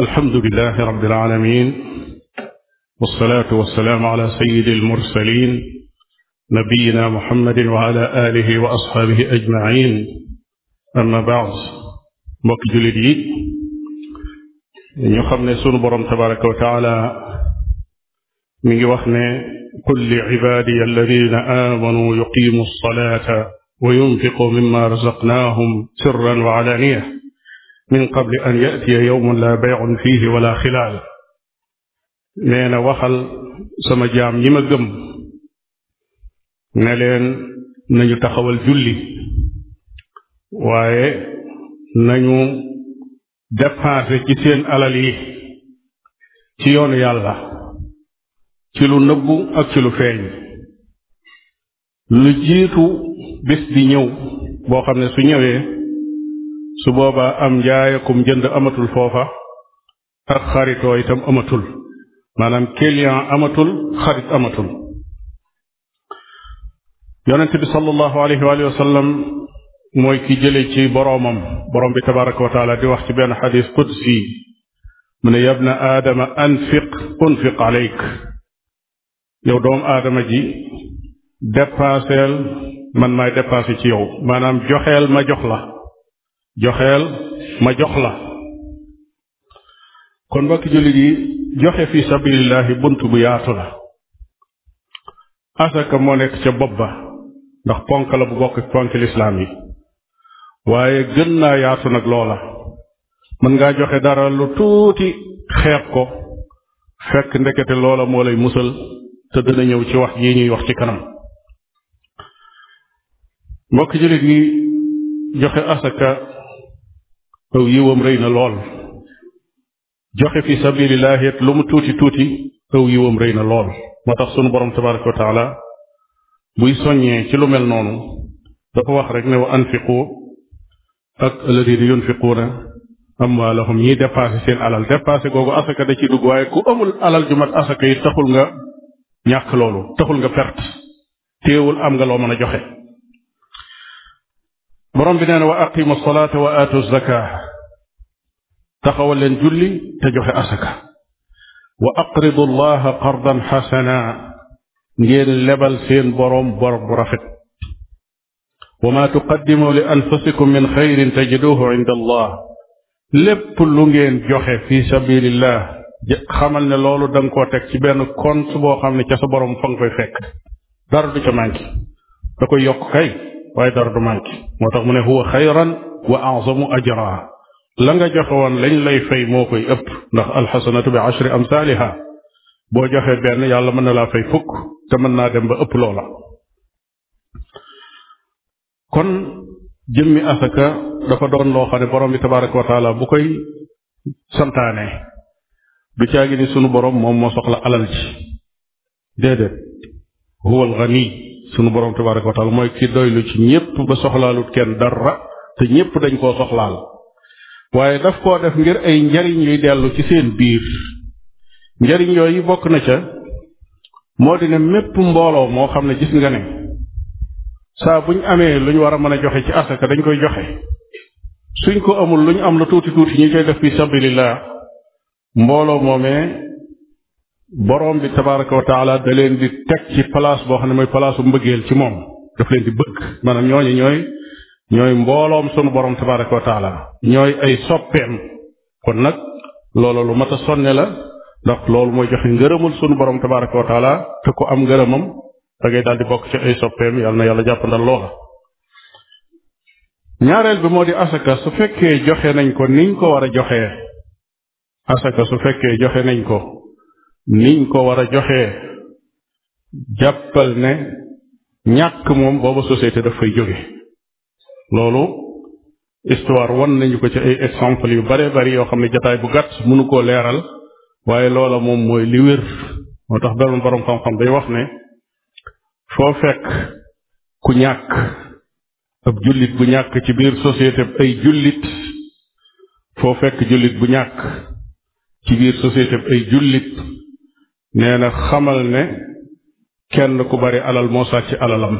alhamdulilah rabbil aalamiin wasalaatu wasalaamu ala sayyidil mursaliin nabiyyinaa muhammadin wa ala aalihi wa asxaabihi ajmaiin amma baad mbokki jullit yi ñu xam ne sunu boroom tabaraka wa taala mi ngi wax ne qul li cibaadiya alladina aamanuu yuqiimu salaata wa yunfiqu mimma razaqnaahum sirran wa alaaniya min qabli an yatiya yowmun la bayun fiihi wala xilaal nee waxal sama jaam ñi ma gëm ne nañu taxawal julli waaye nañu dépenser ci seen alal yi ci yoonu yàlla ci lu nëbbu ak ci lu feeñ lu jiitu bés di ñëw boo xam ne su ñëwee su boobaa am njaayakum jënd amatul foofa ak xaritoo itam amatul maanaam client amatul xarit amatul yonente bi sallallahu alayhi wa mooy ki jële ci boroomam boroom bi tabaraka wa taala di wax ci benn xadis qudsi mu ne yabna aadama anfiq unfiq aleyk yow doomu aadama ji dépasseel man maay dépassé ci yow maanaam joxeel ma jox la joxeel ma jox la kon mbokki jullit yi joxe fi sabilillahi bunt bu yaatu la asaka moo nekk ca bopp ba ndax ponk la bu bokk ak ponk lislaam yi waaye gën naa yaatu nag loola mën ngaa joxe dara lu tuuti xeeb ko fekk ndekete loola moo lay musal te dina ñëw ci wax yi ñuy wax ci kanam mbokki jullit yi joxe asaka aw yiwam rëy na lool joxe fi sabilillahi it lu mu tuuti tuuti aw yiwam rëy na lool moo tax sunu borom tabaraka wa taala buy soññee ci lu mel noonu dafa wax rek ne wa anfiqu ak alladina yunfiquuna amwaalahum ñiy dépassé seen alal dépassé googu asaka da ci dugg waaye ku amul alal ju mat asaka yi taxul nga ñàkk loolu taxul nga perte téewul am nga loo mën a joxe borom bi nee na wa aqimu salaata wa aatu zaka taxawal leen julli te joxe asaka wa aqridu llaha qardan xasana ngeen lebal seen boroom bor bu rafet wa ma tuqaddimu li anfusikum min xayrin tajiduhu inda allah lépp lu ngeen joxe fi sabilillah xamal ne loolu da nga koo teg ci benn compte boo xam ne ca sa boroom fa nga koy fekk dara du ca manqué da koy yokk kay waaye dara du manqué moo tax mu ne huwa xayran wa azamu ajra la nga joxe woon lay fay moo koy ëpp ndax alxasanatu bi ashri amsaaliha boo joxee benn yàlla mën na laa fay fukk te mën naa dem ba ëpp loola kon jëmmi asaka dafa doon loo xam ne borom bi tabaraka wa taala bu koy santaane du caagi ni sunu borom moom moo soxla alal ji déedéet huwa alxani sunu borom tabaraka wa taala mooy ki doylu ci ñépp ba soxlaalut kenn dara te ñépp dañ koo soxlaal waaye daf koo def ngir ay njariñ yuy dellu ci seen biir njariñ yooyu bokk na ca moo di ne mépp mbooloo moo xam ne gis nga ne saa buñ amee luñ war a mën a joxe ci asaka dañ koy joxe suñ ko amul luñ am la tuuti tuuti ñu koy def fi sabilillah mbooloo moomee boroom bi tabaraka wa taala da leen di teg ci place boo xam ne mooy palaasu mbëggeel ci moom daf leen di bëgg maanaam ñooñu ñooy ñooy mbooloom sunu borom tabaraka wa ñooy ay soppeem kon nag loolu lu mat a sonne la ndax loolu mooy joxe ngërëmul sunu borom tabaraka wa taala te ku am ngërëmam da ngay daal di bokk ci ay soppeem yàlla na yàlla jàppandal loola. ñaareel bi moo di asaka su fekkee joxe nañ ko niñ ko war a joxee asaka su joxe nañ ko niñ ko war a joxee jàppal ne ñàkk moom booba société daf fay jóge loolu histoire wan nañu ko ci ay exemple yu bare bari yoo xam ne jataay bu gàtt mënu koo leeral waaye loola moom mooy li wér moo tax benn borom xam-xam day wax ne foo fekk ku ñàkk ab jullit bu ñàkk ci biir société ay jullit foo fekk jullit bu ñàkk ci biir société ay jullit na xamal ne kenn ku bari alal moo sàcc alalam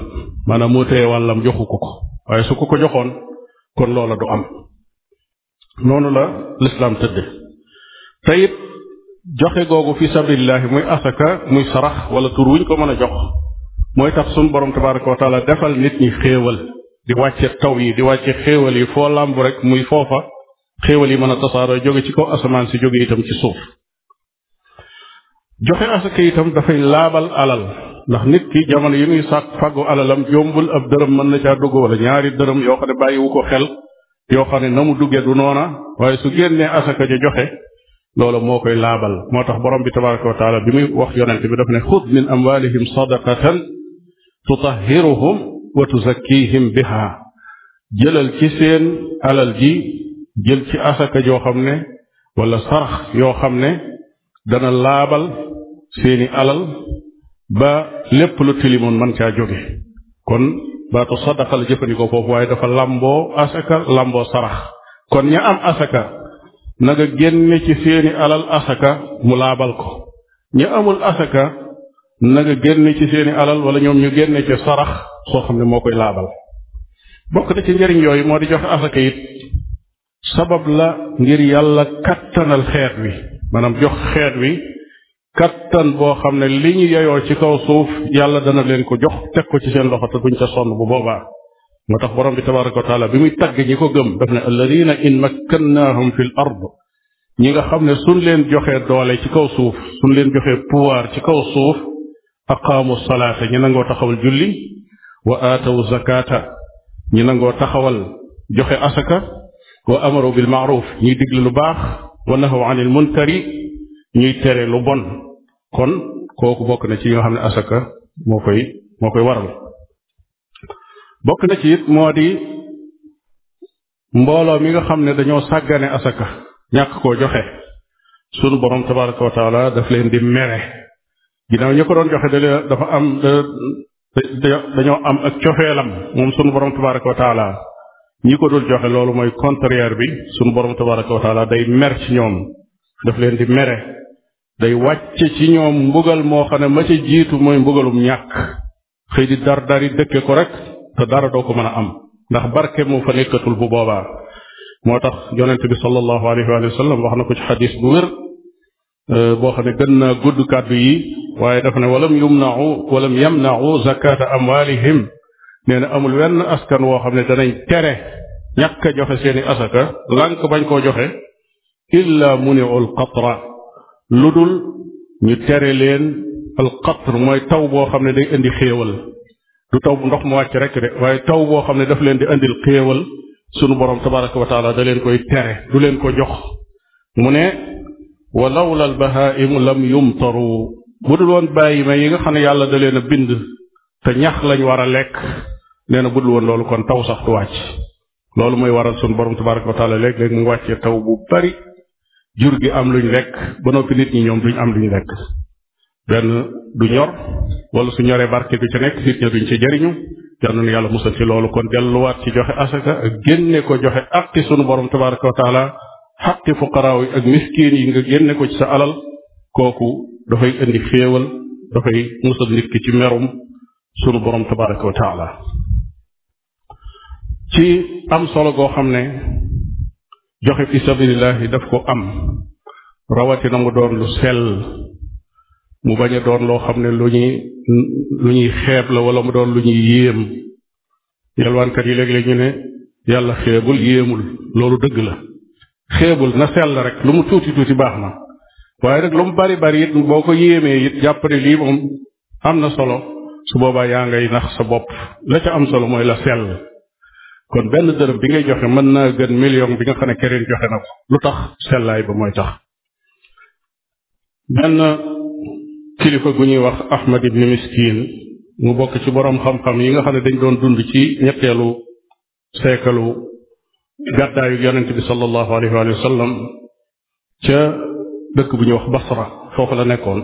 maanaam moo téye wàllam joxu ko ko waaye su ko ko joxoon kon loola du am noonu la lislaam tëdde te it joxe googu fi sabilillahi muy asaka muy sarax wala tur wuñ ko mën a jox mooy tax sun borom tabaraka wa taala defal nit ñi xéewal di wàccee taw yi di wàccee xéewal yi foo làmb rek muy foofa xéewal yi mën a tasaaroo jóge ci kaw asamaan si jóge itam ci suuf joxe asaka itam dafay laabal alal ndax nit ki jamono yi muy sàkk fàggu alalam yombul ab dërëm mën na caa dugg wala ñaari dërëm yoo xam ne bàyyiwu ko xel yoo xam ne na mu duggee du noona waaye su génnee asaka ja joxe loolu moo koy laabal moo tax borom bi tabaraka wa taala bi muy wax yonente bi daf ne xud min amwalihim sadaqatan tutahhiruhum wa tuzakkihim biha jëlal ci seen alal ji jël ci asaka joo xam ne walla sarax yoo xam ne dana laabal seeni alal ba lépp lu tilimoon man caa jóge kon baatu sadaqa la jëfandikoo foofu waaye dafa lamboo asaka lamboo sarax kon ña am asaka nag a génne ci seeni alal asaka mu laabal ko ña amul asaka nag nga génne ci seeni alal wala ñoom ñu génne ci sarax soo xam ne moo koy laabal bokk ci njëriñ yooyu moo di joxe asaka it sabab la ngir yàlla kattanal xeet wi maanaam jox xeet wi kattan boo xam ne li ñu yeyoo ci kaw suuf yàlla dana leen ko jox teg ko ci seen loxo te duñ ca sonn bu boobaa moo tax borom bi tabaraka wa taala bi muy tagg ñi ko gëm daf ne alladina in makkannahum fi l ard ñi nga xam ne suñ leen joxee doole ci kaw suuf suñ leen joxee pouvoir ci kaw suuf aqaamu salaata ñi nangoo taxawal julli wa aatawu zakata ñi nangoo taxawal joxe asaka wa amaru bil maaruf ñiy digle lu baax wa nahaw anil munkari ñuy tere lu bon kon kooku bokk na ci yi nga xam ne asaka moo koy moo koy waral bokk na ci it moo di mbooloo mi nga xam ne dañoo sàggane asaka ñàkk koo joxe sunu borom tabaraka wa daf leen di mere ginnaaw ñi ko doon joxe da dafa am dañoo am ak cofeelam moom sunu borom tabaraka wa taala ñi ko dul joxe loolu mooy contraire bi sunu borom tabaraka wa taala day mer ci ñoom daf leen di mere day wàcce ci ñoom mbugal moo xam ne ma ca jiitu mooy mbugalum ñàkk xëy di dar yi dëkke ko rek te dara doo ko mën a am ndax barke moo fa nekkatul bu boobaa moo tax yonente bi sallallahu alayhi wa wax na ko ci xadis bu wér euh, boo xam ne gën naa gudd kàddu yi waaye dafa ne walam yumnau walam yamnau zakata amwalihim nee na amul wenn askan woo xam ne danañ tere ñàkk a joxe seeni asaka lànk bañ koo joxe mu illa muniu alqatra lu dul ñu tere leen alqatr mooy taw boo xam ne day indi xéewal du taw bu ndox mu wàcc rek de waaye taw boo xam ne daf leen di indil xéewal sunu borom tabaraka wa taala da leen koy tere du leen ko jox mu ne wa lawla albahaimu lam yumtaru bu dul woon bàyyi may yi nga xam ne yàlla da leen bind te ñax lañu war a lekk nee na budul woon loolu kon taw sax du wàcc loolu mooy waral suñu borom tabaraka wa taala léeg-léeg mu wàccee taw bu bari jur gi am luñ lekk ba noppi nit ñi ñoom duñ am luñ lekk benn du ñor wala su ñoree barke du ci nekk nit ña duñ ca jariñu yal na yàlla musal ci loolu kon delluwaat ci joxe asaka ak génne ko joxe aqi sunu borom tabaraka wa taala xaqi fuqaraaw yi ak miskin yi nga génne ko ci sa alal kooku dafay indi féewal dafay musal nit ki ci merum sunu boroom tabaraka wa taala ci am solo goo xam ne joxe fi sabilillahi daf ko am rawatina mu doon lu sel mu bañ a doon loo xam ne lu ñuy lu ñuy xeeb la wala mu doon lu ñuy yéem yalwaankat yi léeg-léeg ñu ne yàlla xeebul yéemul loolu dëgg la xeebul na sell rek lu mu tuuti tuuti baax na waaye nag lu mu bari bari it boo ko yéemee it jàpp lii moom am na solo su boobaa yaa ngay nax sa bopp la ca am solo mooy la sell kon benn dërëm bi ngay joxe mën naa gën million bi nga xam ne keneen joxe na ko lu tax sellaay ba mooy tax benn kilifa gu ñuy wax Ahmad ibn Miskin mu bokk ci boroom xam-xam yi nga xam ne dañ doon dund ci ñetteelu seekalu gàddaayu yonent bi sallallahu alayhi wa ca dëkk bu ñuy wax Basra foofu la nekkoon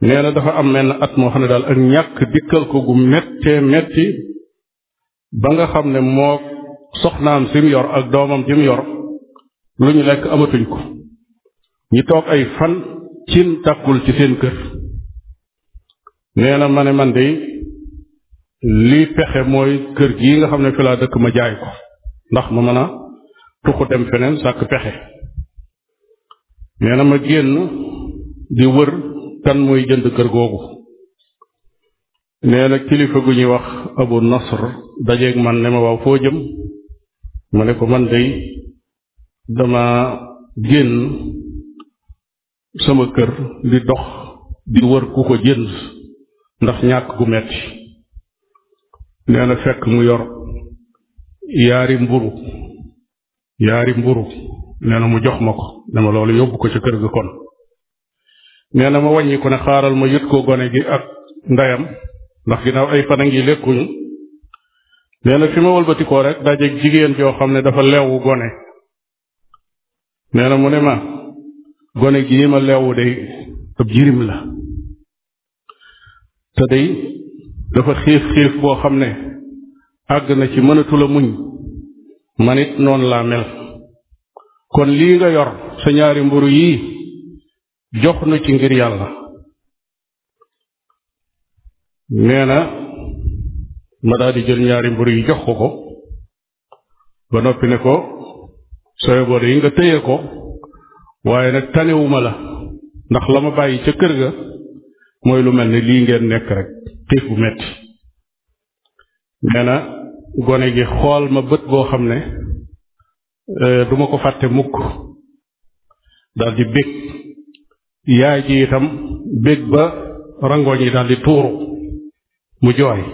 nee dafa am menn at moo xam ne daal ak ñàkk dikkal ko gu mettee metti ba nga xam ne moo soxnaam si ak doomam si yor lu ñu lekk amatuñ ko ñu toog ay fan cin takkul ci seen kër nee na ma ne man de lii pexe mooy kër gi nga xam ne fi dëkk ma jaay ko ndax ma mën a tuxu dem feneen sàkk pexe nee na ma génn di wër kan muy jënd kër googu nee na kilifa gu ñuy wax abu nasr dajeeg man ne ma waaw foo jëm ma ne ko man day dama génn sama kër di dox di wër ku ko jënd ndax ñàkk gu metti nee fekk mu yor yaari mburu yaari mburu nee na mu jox ma ko dama loolu yóbbu ko ca kër ga kon nee na ma wàññi ko ne xaaral ma yët ko gone gi ak ndeyam ndax ginnaaw ay fan a ngi lekkuñu nee na fi ma wëlbatikoo rek dajeeg jigéen joo xam ne dafa leewu gone nee na mu ne ma gone gii ma leewu day ab jirim la te day dafa xiif xiif boo xam ne àgg na ci mënatula muñ man it noonu laa mel kon lii nga yor sa ñaari mburu yii jox nu ci ngir yàlla nee na ma daal di jël ñaari mburu yi jox ko ko ba noppi ne ko sooy boole yi nga téye ko waaye nag tanewuma la ndax la ma bàyyi ca kër ga mooy lu mel ni lii ngeen nekk rek xiif bu metti nee na gone gi xool ma bët boo xam ne euh, duma ko fàtte mukk daldi bég yaay ji itam bég ba rangoñ yi daldi tuuru mu jooy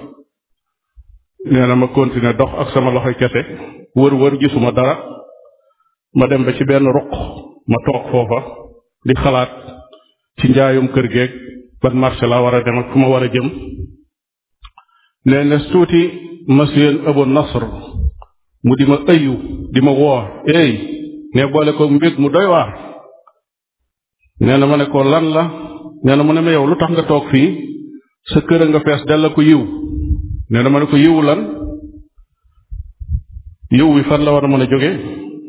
nee na ma continuer dox ak sama loxo kese wër wër ma dara ma dem ba ci benn ruq ma toog foofa di xalaat ci njaayum kër geeg ban marché laa war a dem ak fu ma war a jëm nee na tuuti monsieur Abu Nasr mu di ma ëyu di ma woo éy ne boole ko mbég mu doy waar nee na ma ne ko lan la nee na ma ne ma yow lu tax nga toog fii sa kër a nga fees dell ko yiw nee na ma ne ko yiw lan yiw wi fan la war a mën a jóge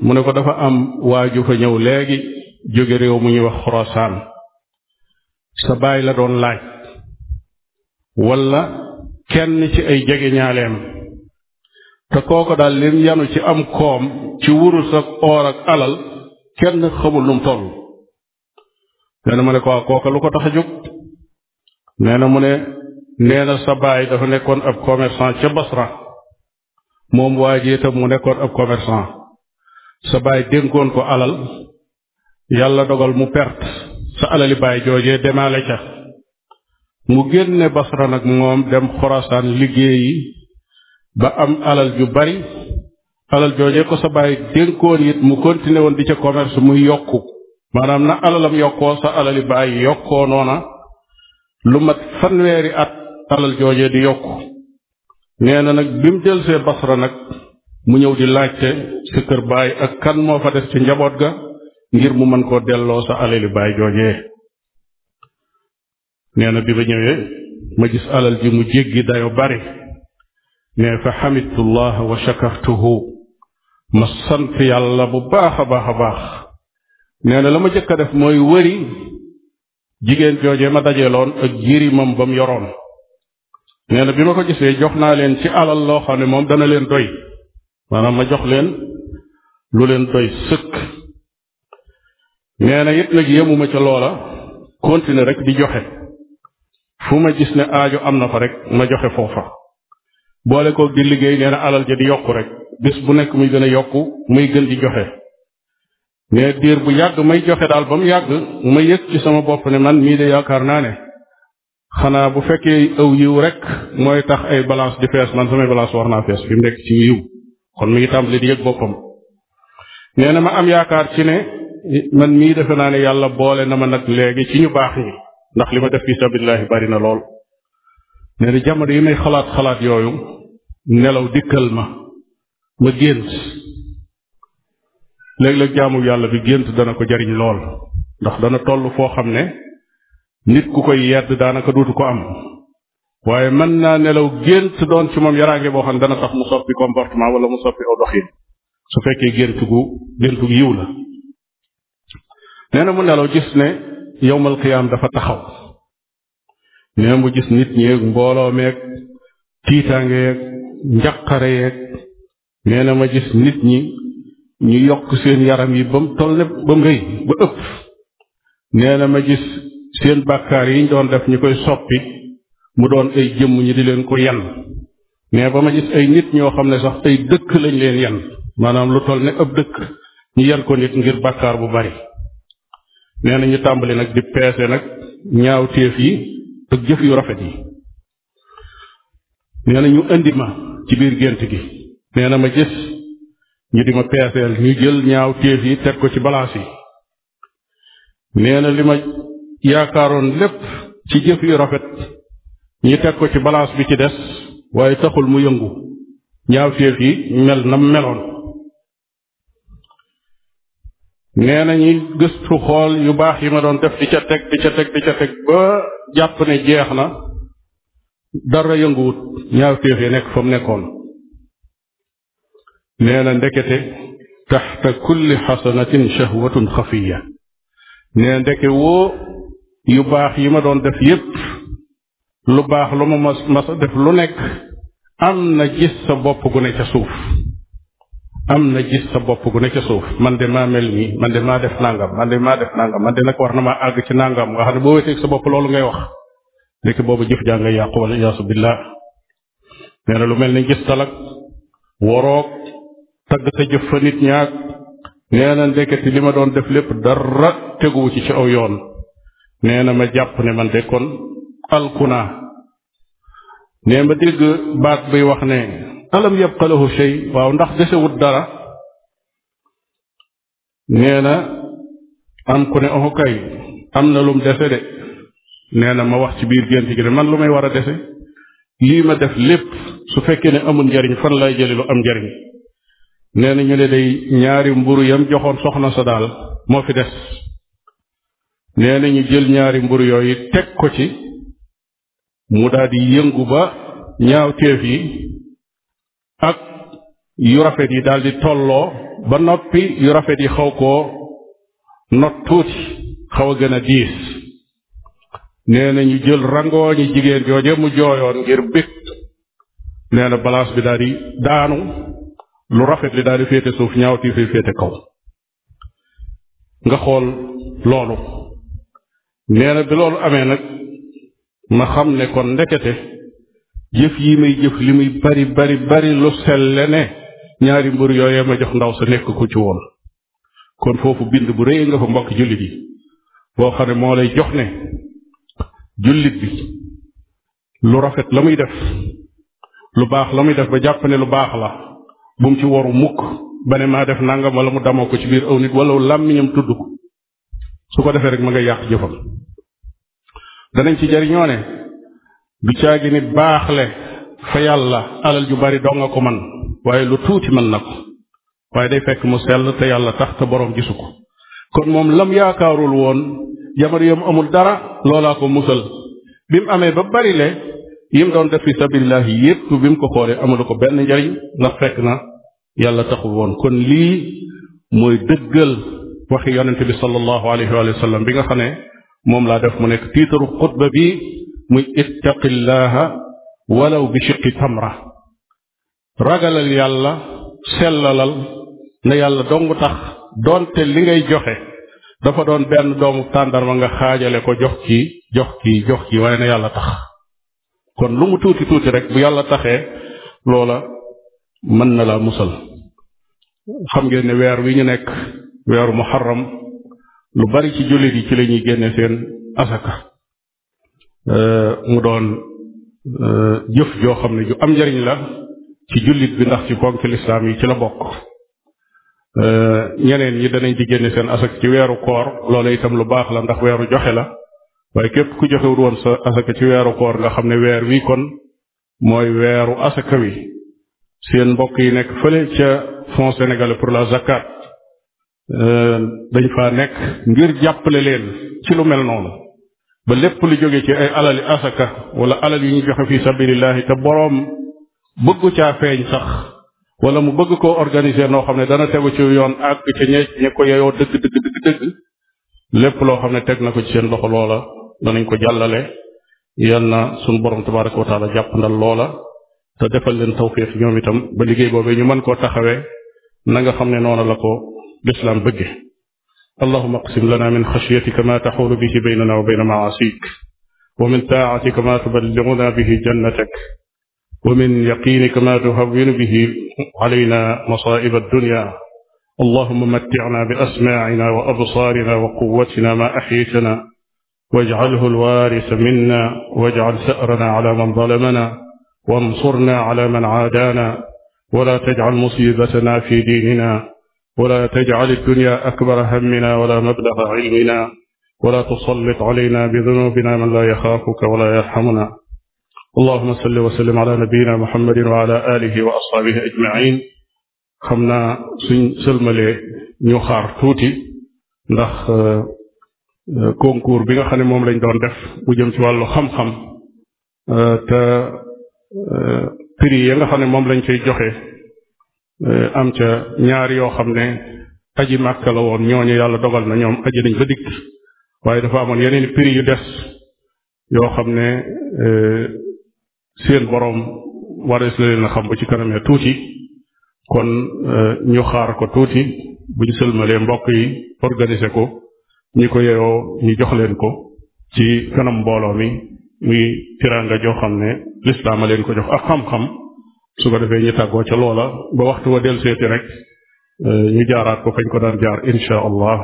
mu ne ko dafa am waaju fa ñëw léegi jóge réew mu ñuy wax xorosaan sa baay la doon laaj wala kenn ci ay jege ñaaleem te kooko daal lim yanu ci am koom ci wurus ak oor ak alal kenn xamul num toll nee na ma ne ko waa kooka lu ko tax a jóg nee na mu ne nee na sa baay dafa nekkoon ab commerçant ca Basra moom waa ji mu nekkoon ab commerçant sa baay dénkoon ko alal yàlla dogal mu perte sa alali baay joojee demaale ca mu génne Basra nag moom dem Xorasaan liggéeyi ba am alal yu bari alal joojee ko sa baay dénkoon it mu continué woon di ca commerce muy yokku maanaam na alalam yokkoo sa alali baay yokkoo noona lu mat fanweeri at alal joojee di yokk nee na nag bi mu delsee basra nag mu ñëw di laajte sa kër baay ak kan moo fa des ci njaboot ga ngir mu mën koo delloo sa alali baay joojee nee na bi ba ñëwee ma gis alal ji mu jéggi dayo bari ne fa xamidullah wa shakartuhu ma sant yàlla bu baax a baax a baax nee na la ma jëkk a def mooy wëri jigéen joojee ma dajeeloon ak jirimam ba mu yoroon nee na bi ma ko gisee jox naa leen ci alal loo xam ne moom dana leen doy maanaam ma jox leen lu leen doy sëkk nee na it nag yemuma ca loola continuer rek di joxe fu ma gis ne aajo am na fa rek ma joxe foofa boole koog di liggéey nee alal ja di yokku rek bis bu nekk muy gën a yokku muy gën di joxe mais diir bu yàgg may joxe daal ba mu yàgg ma yëg ci sama bopp ne man mii de yaakaar naa ne xanaa bu fekkee aw yiw rek mooy tax ay balance di fees man samay balance war naa fees fi mu nekk ci yiw kon mi ngi tàmbali di yëg boppam nee na ma am yaakaar ci ne man mii defe naa ne yàlla boole na ma nag léegi ci ñu baax ñi ndax li ma def fi sabilillahi bari na lool nee na jamono yi may xalaat xalaat yooyu nelaw dikkal ma ma gént léegi léeg jaamu yàlla bi gént dana ko jariñ lool ndax dana toll foo xam ne nit ku koy yedd daanaka dootu ko am waaye mën naa nelaw gént doon ci moom yaraange boo xam ne dana tax mu soppi comportement wala mu soppi aw doxin su fekkee gént gu gént yiw la nee na mu nelaw gis ne yowmal qiyaam dafa taxaw nee mu gis nit ñeeg mbooloo meeg tiitaange yeeg njaqare yeeg nee ma gis nit ñi ñu yokk seen yaram yi ba mu toll ne ba mu rëy ba ëpp nee na ma gis seen bàkkaar yi ñu doon def ñu koy soppi mu doon ay jëmm ñi di leen ko yan mais ba ma gis ay nit ñoo xam ne sax ay dëkk lañ leen yan maanaam lu toll ne ab dëkk ñu yan ko nit ngir bàkkaar bu bari nee na ñu tàmbali nag di peese nag ñaaw téef yi ak jëf yu rafet yi nee na ñu indi ma ci biir gént gi nee na ma gis ñu di ma peeseel ñu jël ñaaw téef yi teg ko ci balaas yi nee li ma yaakaaroon lépp ci jëf yu rafet ñu teg ko ci balaas bi ci des waaye taxul mu yëngu ñaaw téef yi mel na meloon nee na ñi gëstu xool yu baax yi ma doon def di ca teg di ca teg di ca teg ba jàpp ne jeex na dara yënguwut ñaaw téef yi nekk fa mu nekkoon nee na ndekete taxta kulli xasanatin shahwatun xafiya nee na ndeke woo yu baax yi ma doon def yépp lu baax lu ma ma mas a def lu nekk am na gis sa bopp gu ne ca suuf am na sa bopp gu ne ca suuf man de maa mel nii man de maa def nangam man de maa def nangam man de nag war na maa àgg ci nangam nga xam ne boo wéeteeg sa bopp loolu ngay wax ndeke boobu jëf jaa ngay yàqu wala iyaasu billah nee na lu mel ni gis talak woroog tagg sa jëf fa nit ñaag nee na ndeketi li ma doon def lépp dara teguwu ci ci aw yoon nee na ma jàpp ne man de kon alkunaa nee ma dégg baat buy wax ne alam yabqa lahu shay waaw ndax desewut dara nee na am ku ne oxo kay am na lum dese de nee na ma wax ci biir gént gi ne man lu may war a dese lii ma def lépp su fekkee ne amul njariñ fan lay jëli lu am njariñ nee nañu ne day ñaari mburu yam joxoon soxna sa daal moo fi des nee na jël ñaari mburu yooyu teg ko ci mu daldi yëngu ba ñaaw téef yi ak yu rafet yi daldi tolloo ba noppi yu rafet yi xaw koo not tuuti xaw a gën a diis nee na jël rangooñi jigéen jooje mu jooyoon ngir bég nee na balaas bi daldi daanu lu rafet li daal di féete suuf ñaaw tii fay féete kaw nga xool loolu nee na bi loolu amee nag ma xam ne kon ndekete jëf yi may jëf li muy bari bari bari lu selle ne ñaari mbër yooyee ma jox ndaw sa nekk ku ci woon kon foofu bind bu rëy nga fa mbokk jullit yi boo xam ne moo lay jox ne jullit bi lu rafet la muy def lu baax la muy def ba jàpp ne lu baax la bu mu ci waru mukk ba ne maa def nangam wala mu damoo ko ci biir aw nit wala làmmiñam tudd ko su ko defee rek ma nga yàq jëfam danañ ci jariñoo ne du caagi nit baaxle fa yàlla alal ju bari doo nga ko man waaye lu tuuti man na ko waaye day fekk mu sell te yàlla tax te boroom gisu ko kon moom lam yaakaarul woon jamono yom amul dara loolaa ko musal bi mu amee ba bari le yi mu doon def fi sabilillah yépp bi mu ko xoolee amalu ko benn njariñ ndax fekk na yàlla taxu woon kon lii mooy dëggal waxi yonente bi sallallahu alayhi wa bi nga xam ne moom laa def mu nekk tiitaru xutba bi muy walaw bi shiqi tamra ragalal yàlla sellalal na yàlla dong tax doonte li ngay joxe dafa doon benn doomu tàndarma nga xaajale ko jox ki jox ki jox ki waaye na yàlla tax kon lu mu tuuti tuuti rek bu yàlla taxee loola mën na laa musal xam ngeen ne weer wi ñu nekk weeru muharram lu bari ci jullit yi ci lañuy ñuy génne seen asaka mu doon e, jëf joo xam ne ju am njariñ la ci jullit bi ndax ci ponk lislaam yi ci la bokk e, ñeneen ñi danañ ci génne seen asaka ci weeru koor loola itam lu baax la ndax weeru joxe la waaye képp ku joxewut woon sa asaka ci weeru koor nga xam ne weer wi kon mooy weeru asaka wi seen mbokk yi nekk fële ca fon sénégalais pour la zakat euh, dañ faa nekk ngir jàppale leen ci lu mel noonu ba lépp lu jóge ci ay alali asaka wala alal yi ñu joxe fi sabilillahi te boroom bëggu caa feeñ sax wala mu bëgg koo organiser noo xam ne dana tegu ci yoon àgg ca ñe ña ko yeyoo dëgg dëgg dëgg dëgg lépp loo xam ne teg na ko ci seen loxo loola danañ ko jàllale yal na sunu borom tabaraka wa taala jàppandal loola te defal leen tawfiq ñoom itam ba liggéey boobee ñu mën koo taxawee na nga xam ne noona la ko lislaam bëgge allahuma aqsim lana min xashyatika ma taxulu bihi baynana wa bayna maasik wa min taatika ma tuballiguna bihi jannatak wa min yaqinika ma tuhawinu bihi alayna masaaib addunya allahuma matticna bi asmaacina wa absaarina wa quwatina ma axyitana واجعله الوارث منا واجعل ثأرنا على من ظلمنا وانصرنا على من عادانا ولا تجعل مصيبتنا في ديننا ولا تجعل الدنيا أكبر همنا ولا مبلغ علمنا ولا تسلط علينا بذنوبنا من لا يخافك ولا يرحمنا اللهم صل وسلم على نبينا محمد وعلى آله وأصحابه أجمعين xam naa suñ sëlmalee ñu xaar tuuti ndax Euh, concours bi nga xam ne moom lañ doon def bu jëm ci wàllu xam-xam euh, te euh, prix ya nga xam ne moom lañ cay joxe am ca ñaar yoo xam ne aji màkka la woon ñooñu yàlla dogal na ñoom aji nañ ba dikk waaye dafa amoon yeneen prix yu des yoo xam ne seen boroom warees la leen a xam bu ci kanamee tuuti kon ñu xaar ko tuuti buñ sëlmalee mbokk yi organiser ko ñi ko yeyoo ñu jox leen ko ci kanam mbooloo mi muy tiraanga joo xam ne lislaama leen ko jox ak xam-xam su ko defee ñu tàggoo ca loola ba waxtu wa del seeti rek euh, ñu jaaraat ko fañ ko daan jaar insha allah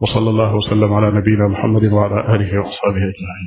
wa sallallahu wa sallam ala nabiyina muhammadin wa ala alihi wa ashabihi ajmain